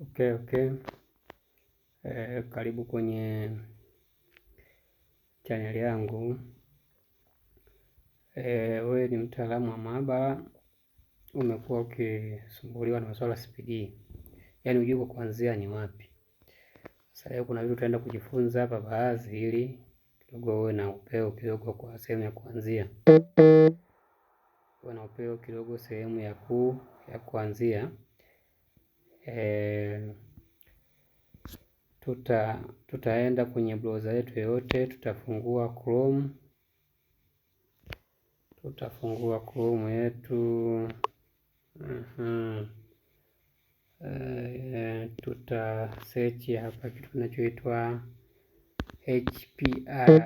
Okay, okay. E, karibu kwenye chaneli yangu. Eh, wewe ni mtaalamu wa maabara, umekuwa ukisumbuliwa na masuala CPD, yaani hujui kwa kuanzia ni wapi. Sasa leo kuna vitu tutaenda kujifunza hapa baadhi, ili kidogo uwe na upeo kidogo kwa sehemu ya kuanzia, uwe na upeo kidogo sehemu ya kuu ya kuanzia e, tuta tutaenda kwenye browser yetu yoyote, tutafungua Chrome, tutafungua Chrome yetu uh-huh. E, tuta search hapa kitu kinachoitwa HPR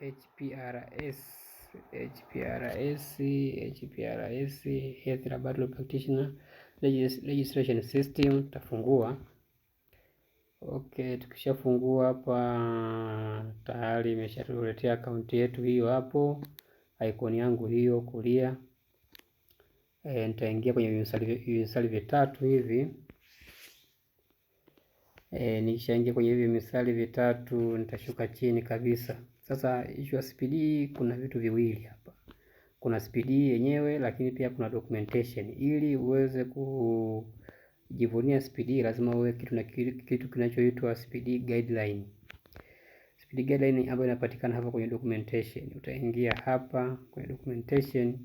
HPRS HPRS HPRS Health Laboratory Practitioner registration system tutafungua. Okay, tukishafungua hapa tayari imeshatuletea akaunti yetu hiyo hapo, icon yangu hiyo kulia. E, nitaingia kwenye vimsali vitatu hivi e, nikishaingia kwenye hivi vimsali vitatu nitashuka chini kabisa. Sasa issue ya kuna vitu viwili hapa kuna speed yenyewe, lakini pia kuna documentation. Ili uweze kujivunia speed lazima uwe kitu na kitu kinachoitwa speed guideline. Speed guideline ambayo inapatikana hapa kwenye documentation. Utaingia hapa kwenye documentation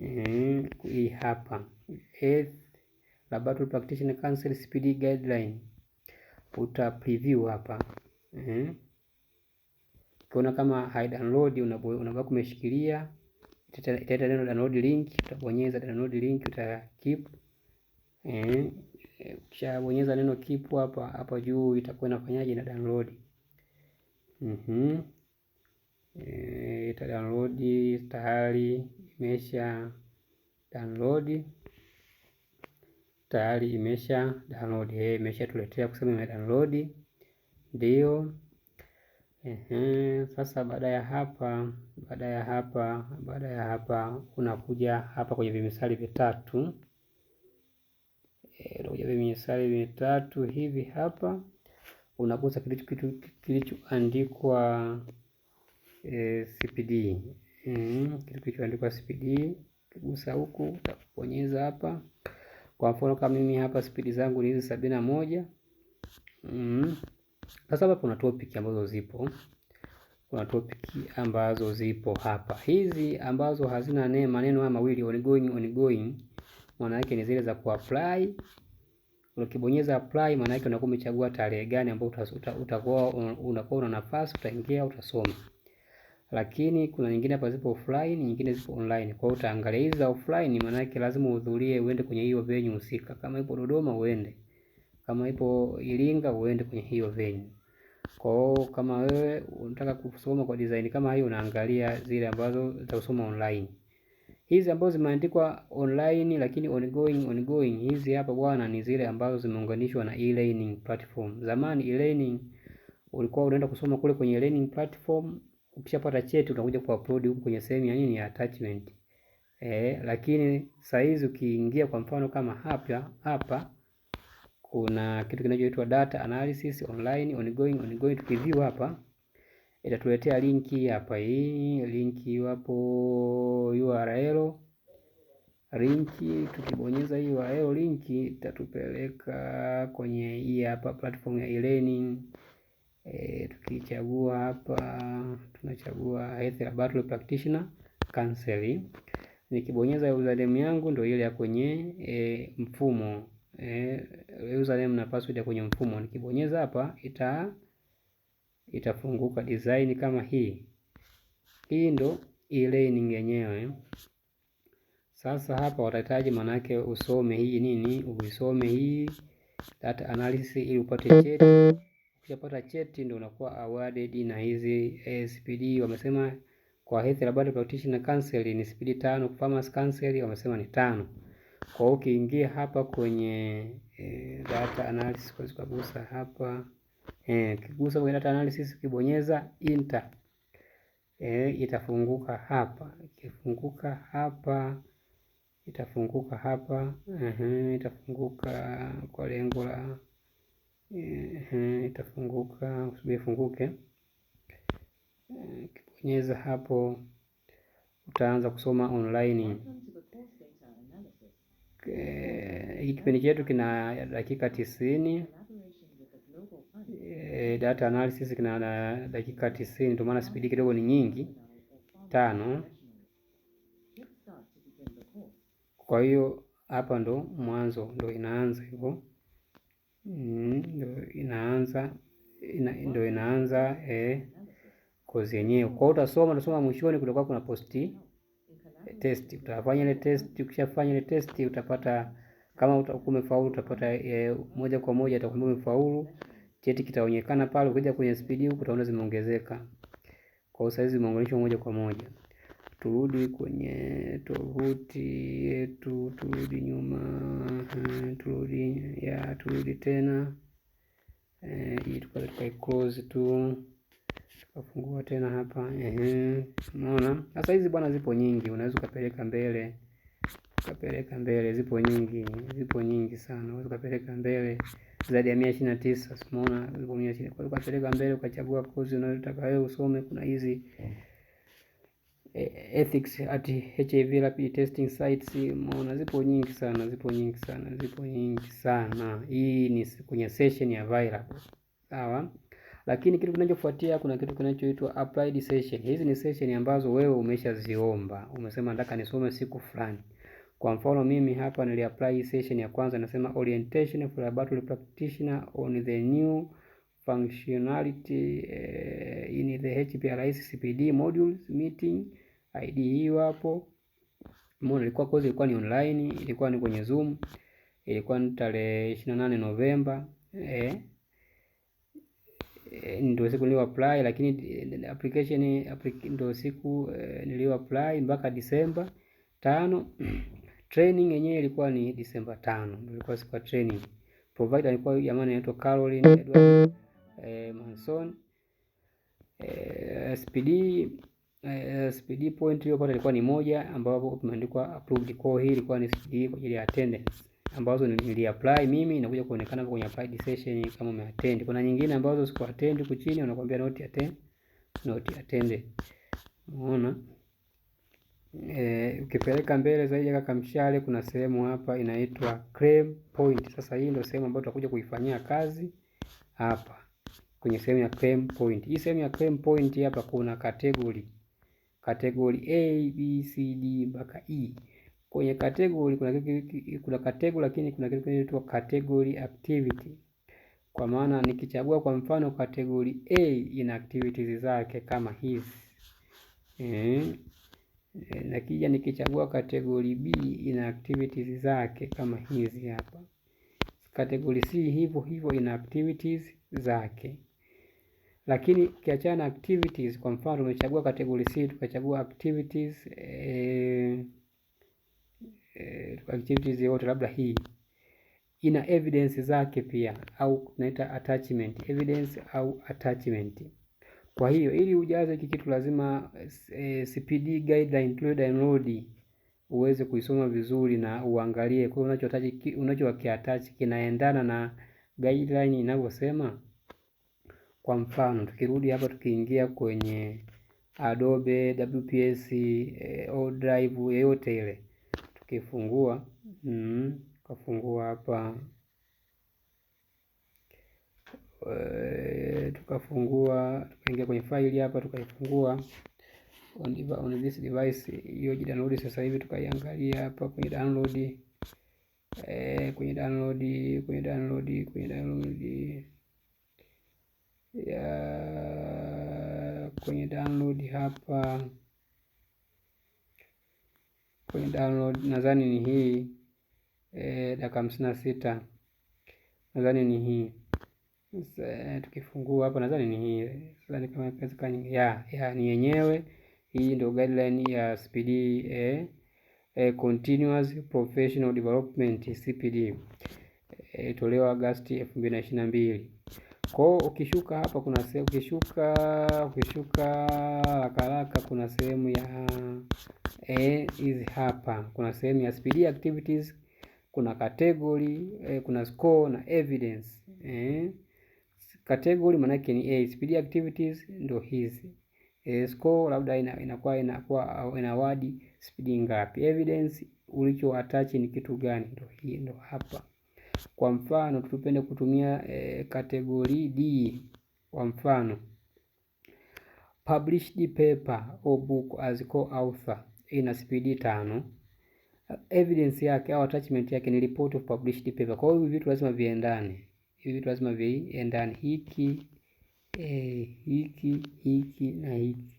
eh, hii hapa Health Laboratory Practitioner Council Speed Guideline, uta preview hapa mm. Ukiona kama hai download unabaki umeshikilia itaita neno download link, utabonyeza download link uta keep eh, ukishabonyeza eh, neno keep hapa hapa juu itakuwa inafanyaje na download mhm mm eh, ita download tayari imesha download tayari imesha download eh, imesha tuletea kusema ime download ndio. Ehe, sasa baada ya hapa, baada ya hapa, baada ya hapa unakuja hapa kwenye vimisali vitatu eh, e, vimisali vitatu hivi hapa, unagusa kilicho kitu kilichoandikwa e, eh, CPD mm, kitu kilichoandikwa CPD, kigusa huku utabonyeza hapa. Kwa mfano kama mimi hapa spidi zangu ni hizi sabini na moja mm. Sasa hapa kuna topic ambazo zipo, kuna topic ambazo zipo hapa. Hizi ambazo hazina ne, maneno haya mawili ongoing, ongoing, maana yake ni zile za kuapply. Ukibonyeza apply, maana yake unakuwa umechagua tarehe gani ambayo utakuwa uta, uta unakuwa una nafasi, utaingia utasoma. Lakini kuna nyingine hapa zipo offline, nyingine zipo online. Kwa hiyo utaangalia hizi za offline, maana yake lazima uhudhurie, uende kwenye hiyo venue husika. Kama ipo Dodoma uende kama ipo Iringa uende kwenye hiyo venue. Kwa hiyo kama wewe unataka kusoma kwa design kama hiyo, unaangalia zile ambazo za kusoma online. Hizi ambazo zimeandikwa online lakini ongoing ongoing, hizi hapa bwana, ni zile ambazo zimeunganishwa na e-learning platform. Zamani e-learning ulikuwa unaenda kusoma kule kwenye e-learning platform, ukishapata cheti unakuja kuupload huko kwenye sehemu ya nini ya attachment. Eh, lakini saizi ukiingia kwa mfano kama hapa hapa kuna kitu kinachoitwa data analysis online ongoing ongoing. Tukiview hapa itatuletea linki hapa, hii linki hapo URL linki, tukibonyeza hii URL linki itatupeleka kwenye hii hapa platform ya e-learning. E, tukichagua hapa tunachagua Health Laboratory Practitioner Counseling. Nikibonyeza username yangu ndio ile ya kwenye e, mfumo eh, username na password ya kwenye mfumo. Nikibonyeza hapa ita itafunguka design kama hii. Hii ndo e-learning yenyewe. Sasa hapa watahitaji manake usome hii nini, usome hii data analysis ili upate cheti. Ukishapata cheti ndio unakuwa awarded na hizi eh, CPD wamesema kwa Health Practitioner Council ni CPD tano, Farmers Council wamesema ni tano. Kwa hiyo ukiingia hapa kwenye e, data analysis kwa kugusa hapa e, kigusa kwenye data analysis kibonyeza enter e, itafunguka hapa. Ikifunguka hapa itafunguka hapa -huh, itafunguka kwa lengo la itafunguka, usubiri ifunguke. Ukibonyeza hapo utaanza kusoma online hiki kipindi chetu kina dakika tisini. E, data analysis kina dakika tisini, ndio maana spidi kidogo ni nyingi tano. Kwa hiyo hapa ndo mwanzo, ndo inaanza hivyo, mm, ndo inaanza ina, ndo inaanza e, kozi yenyewe. Kwa hiyo utasoma utasoma, mwishoni kutakuwa kuna posti test, utafanya ile test. Ukishafanya ile test utapata, kama utakuwa umefaulu utapata e, moja kwa moja utakuwa umefaulu, cheti kitaonekana pale. Ukija kwenye spidi huko utaona zimeongezeka kwa usaizi, zimeunganishwa moja kwa moja. Turudi kwenye tovuti yetu, turudi nyuma, turudi ya turudi tena e, tukaclose tu. Tafungua tena hapa. Ehe. Unaona? Sasa hizi bwana zipo nyingi, unaweza ukapeleka mbele. Ukapeleka mbele, zipo nyingi, zipo nyingi sana. Unaweza ukapeleka mbele zaidi ya 129. Unaona? Zipo 129. Kwa hiyo ukapeleka mbele ukachagua kozi unayotaka wewe usome. Kuna hizi e, ethics at HIV rapid testing sites. Unaona? Zipo nyingi sana, zipo nyingi sana, zipo nyingi sana. Hii ni kwenye session ya viral. Sawa? Lakini kitu kinachofuatia kuna kitu kinachoitwa applied session. Hizi ni session ambazo wewe umeshaziomba, umesema nataka nisome siku fulani. Kwa mfano mimi hapa nili apply session ya kwanza, nasema orientation for a battery practitioner on the new functionality eh, in the HPRIS CPD modules meeting ID hiyo hapo. Mbona ilikuwa course ilikuwa ni online, ilikuwa ni kwenye Zoom, ilikuwa ni tarehe 28 Novemba eh Eh, ndio siku nilio apply, lakini eh, application ndio siku eh, nilio apply mpaka Disemba tano. Training yenyewe ilikuwa ni Disemba tano, ilikuwa siku ya training. Provider alikuwa jamani anaitwa Caroline Edward eh, Manson eh, SPD eh, SPD point hiyo pale ilikuwa ni moja ambapo imeandikwa approved. Kwa hiyo hii ilikuwa ni SPD kwa ajili ya attendance ambazo niliapply mimi inakuja kuonekana kwenye applied session kama umeattend. Kuna nyingine ambazo siku attend huko chini wanakuambia not attend, not attend. Unaona? Eh, ukipeleka mbele zaidi kaka mshale kuna sehemu hapa inaitwa claim point. Sasa hii ndio sehemu ambayo tutakuja kuifanyia kazi hapa kwenye sehemu ya claim point. Hii sehemu ya claim point hapa kuna category. Category A, B, C, D mpaka E. Kwenye category kuna kitu, kuna category lakini kuna kitu kinaitwa category activity. Kwa maana nikichagua kwa mfano category A ina activities zake kama hizi. Eh, eh na kija nikichagua category B ina activities zake kama hizi hapa. Category C hivyo hivyo ina activities zake. Lakini ukiachana activities, kwa mfano tumechagua category C tukachagua activities eh, eh, activities yote labda hii ina evidence zake pia, au tunaita attachment evidence au attachment. Kwa hiyo ili ujaze hiki kitu lazima eh, CPD guideline include download uweze kuisoma vizuri na uangalie kwa unachotaji unachokiattach kinaendana na guideline inavyosema. Kwa mfano tukirudi hapa tukiingia kwenye Adobe WPS, eh, O drive yoyote ile tukifungua mm, mm-hmm. tukafungua hapa e, tukafungua tukaingia kwenye faili hapa tukaifungua on, on this device download sasa hivi, tukaiangalia hapa kwenye download e, kwenye download kwenye download kwenye download ya kwenye download hapa kwenye download nadhani ni hii e, dakika hamsini na sita nadhani ni hii. Sasa eh, tukifungua hapa nadhani ni hii. Nadhani kama pesa kani ya, ya ni yenyewe hii ndio guideline ya CPD eh, eh, Continuous Professional Development CPD eh, tolewa Agosti 2022. Kwa hiyo ukishuka hapa kuna sehemu, ukishuka ukishuka haraka haraka kuna sehemu ya eh, hizi hapa kuna sehemu ya speed activities, kuna category e, kuna score na evidence eh. Category maana yake ni eh, speed activities ndio hizi e, score labda inakuwa inakuwa ina award speed ngapi, evidence ulicho attach ni kitu gani, ndio hii ndio hapa kwa mfano tupende kutumia eh, kategori D kwa mfano published paper or book as co-author ina spidi tano. Evidence yake au attachment yake ni report of published paper. Kwa hiyo hivi vitu lazima viendane, hivi vitu lazima viendane, hiki eh, hiki hiki na hiki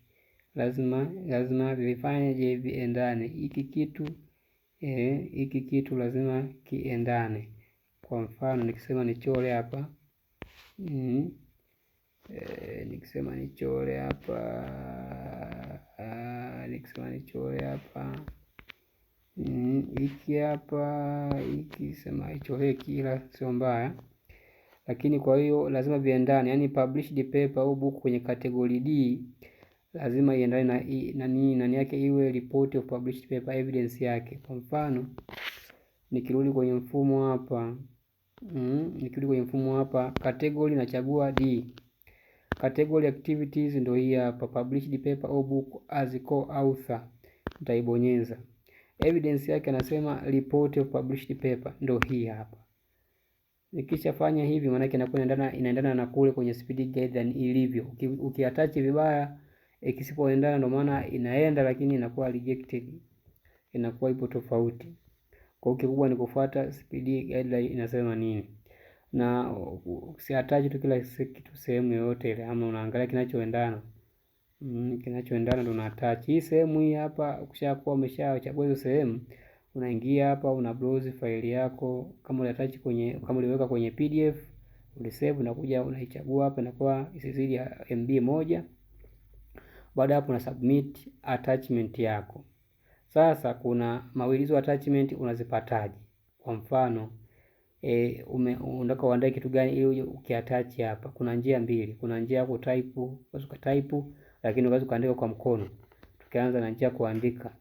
lazima lazima vifanyeje viendane, hiki kitu eh, hiki kitu lazima kiendane. Kwa mfano nikisema nichore hapa mm, e, nikisema nichore hapa a, ah, nikisema nichore hapa mm, hiki mm, hapa hiki sema ichore kila sio mbaya, lakini kwa hiyo lazima viendane, yani published paper au book kwenye category D lazima iendane na nani nani yake iwe report of published paper evidence yake. Kwa mfano nikirudi kwenye mfumo hapa mm, nikirudi kwenye mfumo hapa category nachagua D. Category activities ndio hii hapa, published paper au book as co-author nitaibonyeza. Evidence yake anasema report of published paper ndio hii hapa. Nikishafanya hivi maana yake inakuwa inaendana inaendana na kule kwenye speed guide than ilivyo. Ukiattach uki vibaya ikisipoendana ndio maana inaenda, lakini inakuwa rejected, inakuwa ipo tofauti. Kwa hiyo kikubwa ni kufuata CPD guideline inasema nini, na usiataje tu kila kitu sehemu yoyote ile, ama unaangalia kinachoendana mm, kinachoendana ndio unaatach. Hii sehemu hii hapa, ukishakuwa umeshachagua hizo sehemu, unaingia hapa, una browse faili yako, kama uliatach kwenye, kama uliweka kwenye PDF ulisave, unakuja unaichagua hapa, inakuwa isizidi MB moja. Baada hapo, una submit attachment yako. Sasa kuna mawilizo attachment unazipataje? Kwa mfano e, ume, unataka uandae kitu gani ili ukiattach hapa. Kuna njia mbili, kuna njia ya kutype, unaweza kutype lakini unaweza kuandika kwa mkono. Tukianza na njia ya kuandika.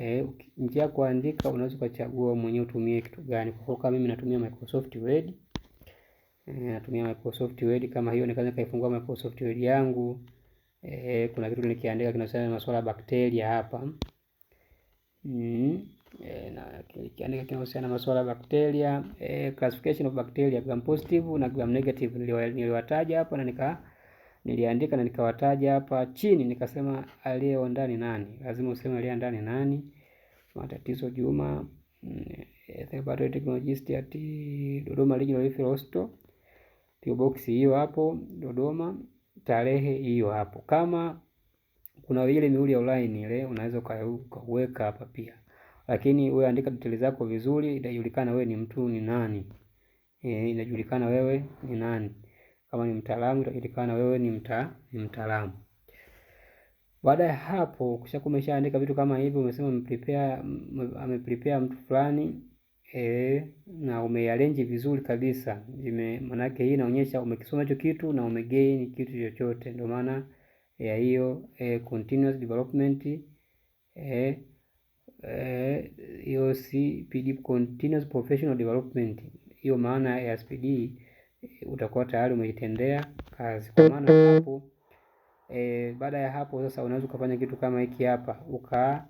E, njia ya kuandika unaweza kuchagua mwenyewe utumie kitu gani. Kwa kama mimi natumia Microsoft Word. E, natumia Microsoft Word kama hiyo nikaanza kaifungua Microsoft Word yangu. E, kuna kitu nikiandika kinahusiana na masuala ya bakteria hapa mm. E, na kiandika kinahusiana na masuala ya bakteria e, classification of bacteria gram positive na gram negative niliwataja hapa na nika niliandika na nikawataja hapa chini, nikasema aliye ndani nani, lazima useme aliye ndani nani. Matatizo Juma mm, eh, Third Technologist at Dodoma Regional Referral Hospital, box hiyo hapo Dodoma, tarehe hiyo hapo kama kuna ile mihuri ya online ile unaweza ukaweka hapa pia, lakini wewe andika details zako vizuri, inajulikana wewe ni mtu ni nani. E, inajulikana wewe ni nani. Kama ni mtaalamu itajulikana wewe ni mta ni mtaalamu. Baada ya hapo, kisha kumeshaandika vitu kama hivi, umesema umeprepare ameprepare mtu fulani e, na umearrange vizuri kabisa. Maana yake hii inaonyesha umekisoma hicho kitu na umegain kitu chochote, ndio maana ya hiyo e, continuous development e, hiyo e, CPD continuous professional development. Hiyo maana ya CPD utakuwa tayari umeitendea kazi. Kwa maana hapo e, baada ya hapo sasa unaweza ukafanya kitu kama hiki hapa uka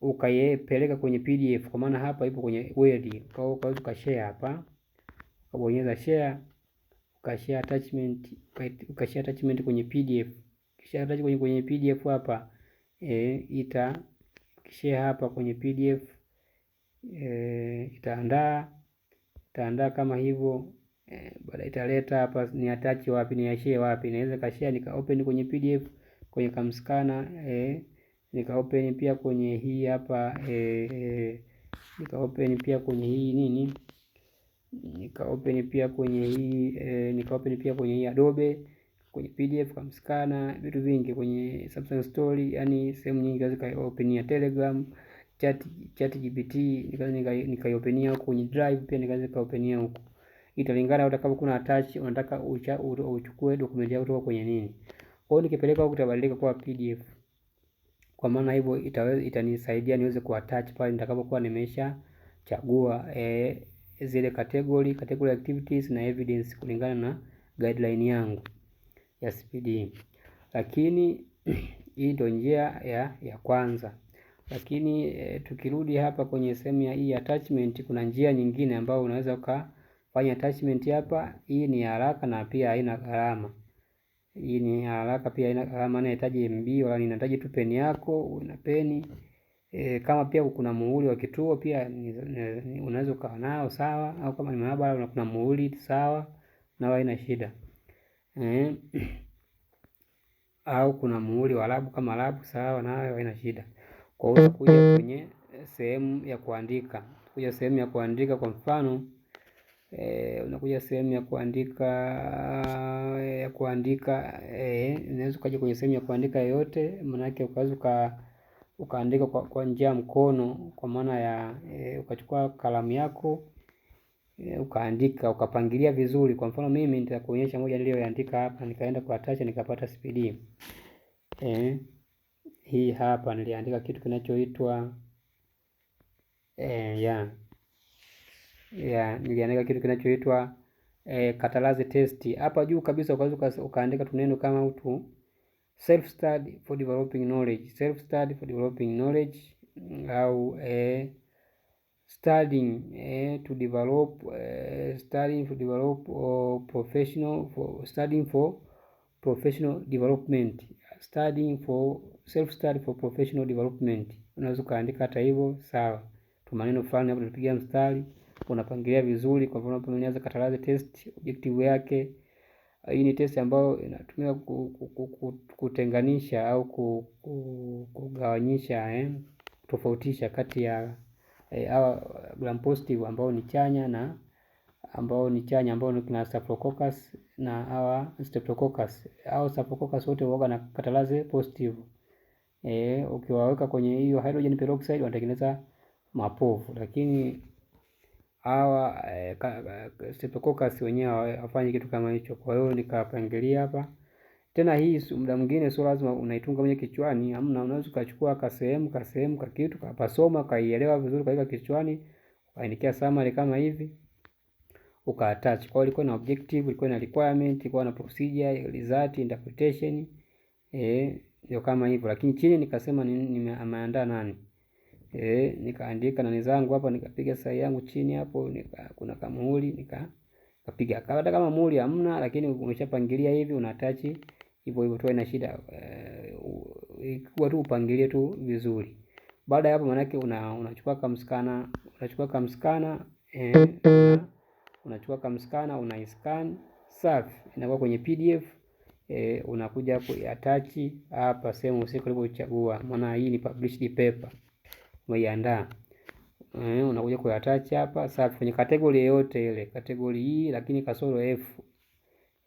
ukayepeleka kwenye PDF kwa maana hapa ipo kwenye Word. Kwa hiyo ukaweza ukashare hapa, ukabonyeza share, ukashare attachment, ukashare attachment kwenye PDF kisha ataje kwenye, kwenye PDF hapa e, ita share hapa kwenye PDF e, eh, itaandaa itaandaa kama hivyo e, eh, baada italeta hapa ni attach wapi ni share wapi, naweza kashare nika open kwenye PDF kwenye kamskana e, nika open pia kwenye hii hapa e, e, nika open pia kwenye hii nini nika open pia kwenye hii e, nika open pia kwenye hii Adobe kwenye PDF kwa scanner, vitu vingi kwenye Samsung Story, yani sehemu nyingi kazi kaopenia Telegram, chat chat GPT, nikaza nikaiopenia huko kwenye Drive pia nikaza nikaopenia huko. Italingana utakapokuwa kuna attach unataka uchukue document yako kutoka kwenye nini. Kwa hiyo nikipeleka huko itabadilika kuwa PDF. Kwa maana hivyo itaweza itanisaidia niweze kuattach pale nitakapokuwa nimesha chagua e, zile category, category activities na evidence kulingana na guideline yangu ya CPD. Lakini hii ndio njia ya, ya kwanza. Lakini e, tukirudi hapa kwenye sehemu ya hii attachment, kuna njia nyingine ambayo unaweza ukafanya attachment hapa. Hii ni haraka na pia haina gharama. Hii ni haraka pia haina gharama, inahitaji MB wala inahitaji tu peni yako na peni e, kama pia kuna muhuri wa kituo pia unaweza ukawa nao sawa, au kama ni maabara kuna muhuri sawa, na haina shida eh, au kuna muhuri wa labu kama labu, sawa, nayo haina shida. Kwa hiyo kuja kwenye eh, sehemu ya kuandika, kuja sehemu ya kuandika kwa mfano E, unakuja sehemu ya kuandika ya kuandika e, unaweza ukaja kwenye sehemu ya kuandika yoyote, maanake ukaweza uka, ukaandika kwa, kwa njia ya mkono kwa maana ya e, ukachukua kalamu yako Eh, ukaandika ukapangilia vizuri. Kwa mfano mimi nitakuonyesha moja niliyoandika hapa, nikaenda kwa touch nikapata CPD. Eh, hii hapa niliandika kitu kinachoitwa eh, ya ya niliandika kitu kinachoitwa eh, catalase test. Hapa juu kabisa ukaweza ukaandika tuneno kama utu self study for developing knowledge, self study for developing knowledge au eh, studying eh, to develop eh, studying to develop or oh, professional for studying for professional development studying for self study for professional development. Unaweza ukaandika hata hivyo sawa kwa maneno fulani hapo tupigia mstari, unapangilia vizuri. Kwa mfano, unaanza Katalaze test, objective yake hii ni test ambayo inatumika kutenganisha au kugawanyisha eh, tofautisha kati ya Eh, gram positive ambao ni chanya na ambao ni chanya ambao kuna Staphylococcus na hawa Streptococcus au Staphylococcus wote huoga na katalase positive. E, ukiwaweka kwenye hiyo hydrogen peroxide wanatengeneza mapovu, lakini hawa e, Streptococcus wenyewe hawafanyi kitu kama hicho. Kwa hiyo nikapangilia hapa tena hii muda mwingine sio lazima unaitunga mwenye kichwani, amna, unaweza ukachukua ka sehemu ka sehemu ka kitu kapasoma kaielewa vizuri, kaika kichwani, ukaandikia summary kama hivi, uka attach. Kwa hiyo ilikuwa na objective, ilikuwa na requirement, ilikuwa na procedure, result, interpretation, eh, ndio kama hivyo. Lakini chini nikasema nimeandaa nani eh, nikaandika nani zangu hapa, nikapiga sahihi yangu chini hapo, nika kuna kamuhuri nika kapiga, kama muhuri hamna, lakini umeshapangilia hivi, una attach hivyo hivyo, tu haina shida eh, ikiwa tu upangilie tu vizuri. Baada ya hapo, maanake una unachukua kamskana, unachukua kamskana eh, unachukua kamskana una scan safi, inakuwa kwenye PDF. E, eh, unakuja kuiattach hapa sehemu husika ulivyochagua, maana hii ni published paper umeiandaa. E, unakuja kuiattach hapa safi, kwenye kategori yoyote ile, kategori hii e, lakini kasoro F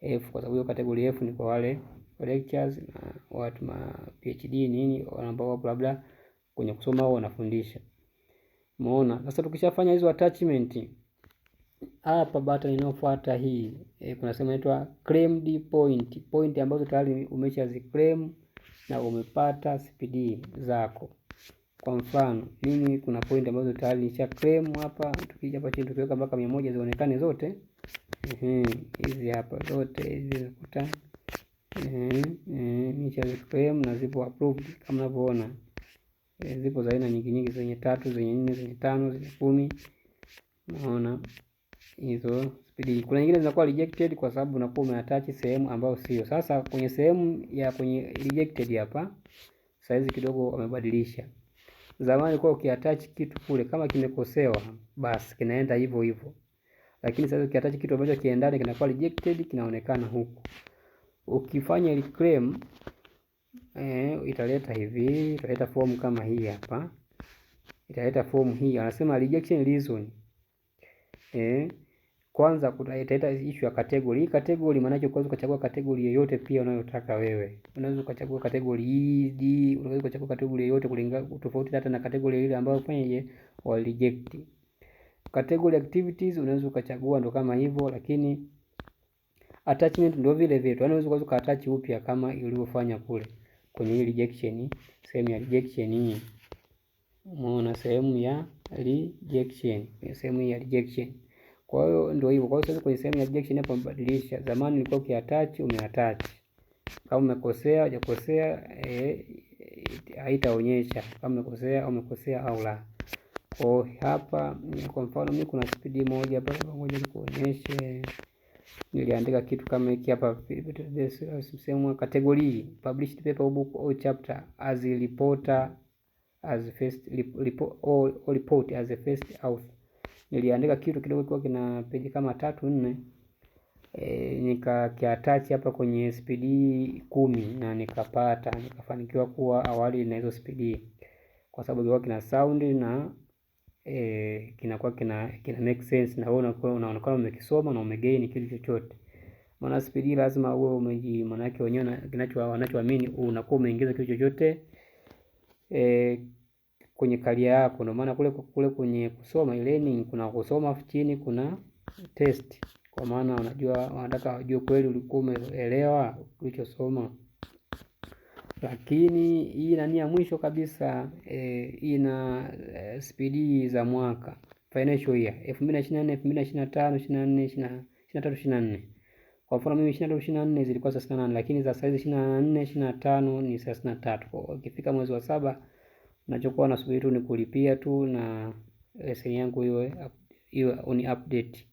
F, kwa sababu hiyo kategori F ni kwa wale lectures na watu ma PhD nini ambao wapo labda kwenye kusoma au wanafundisha. Umeona? Sasa tukishafanya hizo attachment hapa button inayofuata hii e, kuna sema inaitwa claimed point. Point ambazo tayari umeshaziclaim na umepata CPD zako. Kwa mfano, mimi kuna point ambazo tayari nisha claim hapa, tukija hapa chini tukiweka mpaka 100 zionekane zote. Ehe, hizi hapa zote hizi zikuta mimi eh, eh, na zipo approved kama unavyoona eh, zipo za aina nyingi nyingi, zenye tatu, zenye nne, zenye tano, zenye kumi. Unaona hizo speed. Kuna nyingine zinakuwa rejected kwa sababu unakuwa umeattach sehemu ambayo sio. Sasa kwenye sehemu ya kwenye rejected hapa, saizi kidogo wamebadilisha. Zamani kwa ukiattach kitu kule, kama kimekosewa basi kinaenda hivyo hivyo, lakini sasa ukiattach kitu ambacho kiendane, kinakuwa rejected, kinaonekana huku ukifanya reclaim eh, italeta hivi, italeta form kama hii hapa, italeta form hii, anasema rejection reason eh, kwanza italeta issue ya category. Hii category maana yake unaweza kuchagua category yoyote pia unayotaka wewe. Unaweza kuchagua category hii, e, D, unaweza kuchagua category yoyote kulingana tofauti hata na category ile ambayo fanyaje wa reject. Category activities unaweza kuchagua ndo kama hivyo, lakini attachment ndio vile vile tu, yani unaweza ukaattach upya kama ilivyofanya kule kwenye hii rejection, sehemu ya rejection hii. Umeona sehemu ya rejection, sehemu ya rejection. Kwa hiyo ndio hivyo. Kwa hiyo sasa kwenye sehemu ya rejection hapo mbadilisha. Zamani ilikuwa ukiattach, umeattach. Kama umekosea, hujakosea eh, haitaonyesha kama umekosea au umekosea au la. Kwa hapa, kwa mfano mimi kuna speed moja hapa, ngoja nikuonyeshe niliandika kitu kama hiki hapa, sehemu kategoria published paper book or chapter as a reporter as first report or report as a first author. Niliandika kitu kidogo kwa kina peji kama tatu nne, e, eh, nikakiatachi hapa kwenye SPD kumi na nikapata nikafanikiwa kuwa awali na hizo SPD kwa sababu kilikuwa kina sound na e, kinakuwa kina, kina make sense na wewe unaonekana umekisoma na umegain kitu chochote. Maana spidi lazima uwe umeji maana yake wenyewe kinacho wanachoamini unakuwa umeingiza kitu chochote e, kwenye kalia yako. Ndio maana kule kule kwenye kusoma e-learning kuna kusoma afu chini kuna test, kwa maana unajua wanataka wajue kweli ulikuwa umeelewa ulichosoma. Lakini hii nani ya mwisho kabisa e, ina e, spidi za mwaka financial year 2024 2025 24 23 24. Kwa mfano mimi 23 24 zilikuwa 38 lakini za saizi 24 25 ni 33. Kwa hiyo Ukifika mwezi wa saba nachokuwa nasubiri tu ni kulipia tu na leseni eh, yangu iwe iwe ni update.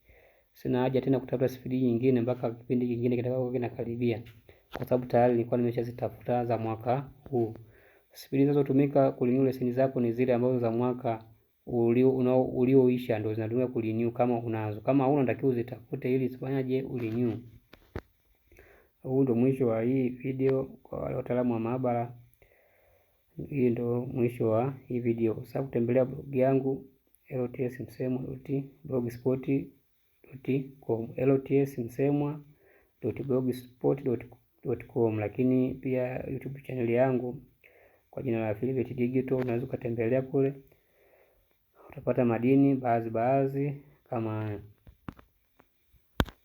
Sina haja tena kutafuta spidi nyingine mpaka kipindi kingine kitakapokuwa kinakaribia kwa sababu tayari nilikuwa nimeshazitafuta za mwaka huu. Spidi zinazotumika kulinyu leseni zako ni zile ambazo za mwaka ulio ulioisha ndio zinatumika kulinyu kama unazo. Kama huna unatakiwa uzitafute ili zifanyaje ulinyu. Huu ndio mwisho wa hii video kwa wale wataalamu wa maabara. Hii ndio mwisho wa hii video. Sasa kutembelea blog yangu ltsmsemwa.blogspot.com ltsmsemwa.blogspot.com philivetdigital.com, lakini pia YouTube channel yangu kwa jina la Philiveti Digital, unaweza ukatembelea kule utapata madini baadhi baadhi kama